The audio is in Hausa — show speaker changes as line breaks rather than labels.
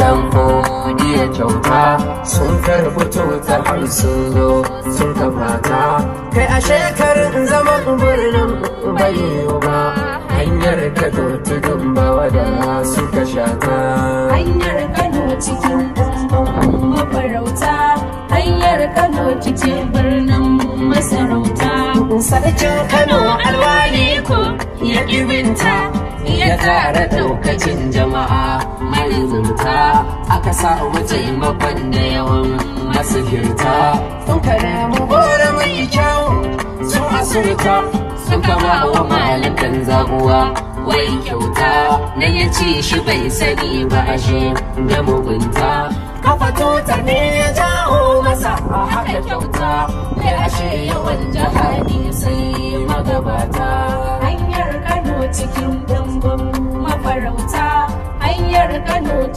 dan godiya kyauta sun karɓi tuta har sun zo sun kafata
kai a shekarun zaman birnin bai ba hanyar kano tudun bawa da suka shata hanyar
kano cikin mafarauta hanyar kano cikin birnin masarauta sarkin kano alwali
ko
ya ƙibinta ya ƙara ɗaukacin jama'a zumunta aka sa waje makon da yawan masahirta
sun kare
mu bora mai kyau sun asurta sun kama wa malakan zaguwa wai kyauta na ya ci shi bai sani ba ashe da mugunta kafa tota ne ya jawo masa a haka
kyauta ya ashe yawan jihadi sai magabata hanyar kano cikin dambam mafarauta guarda canute.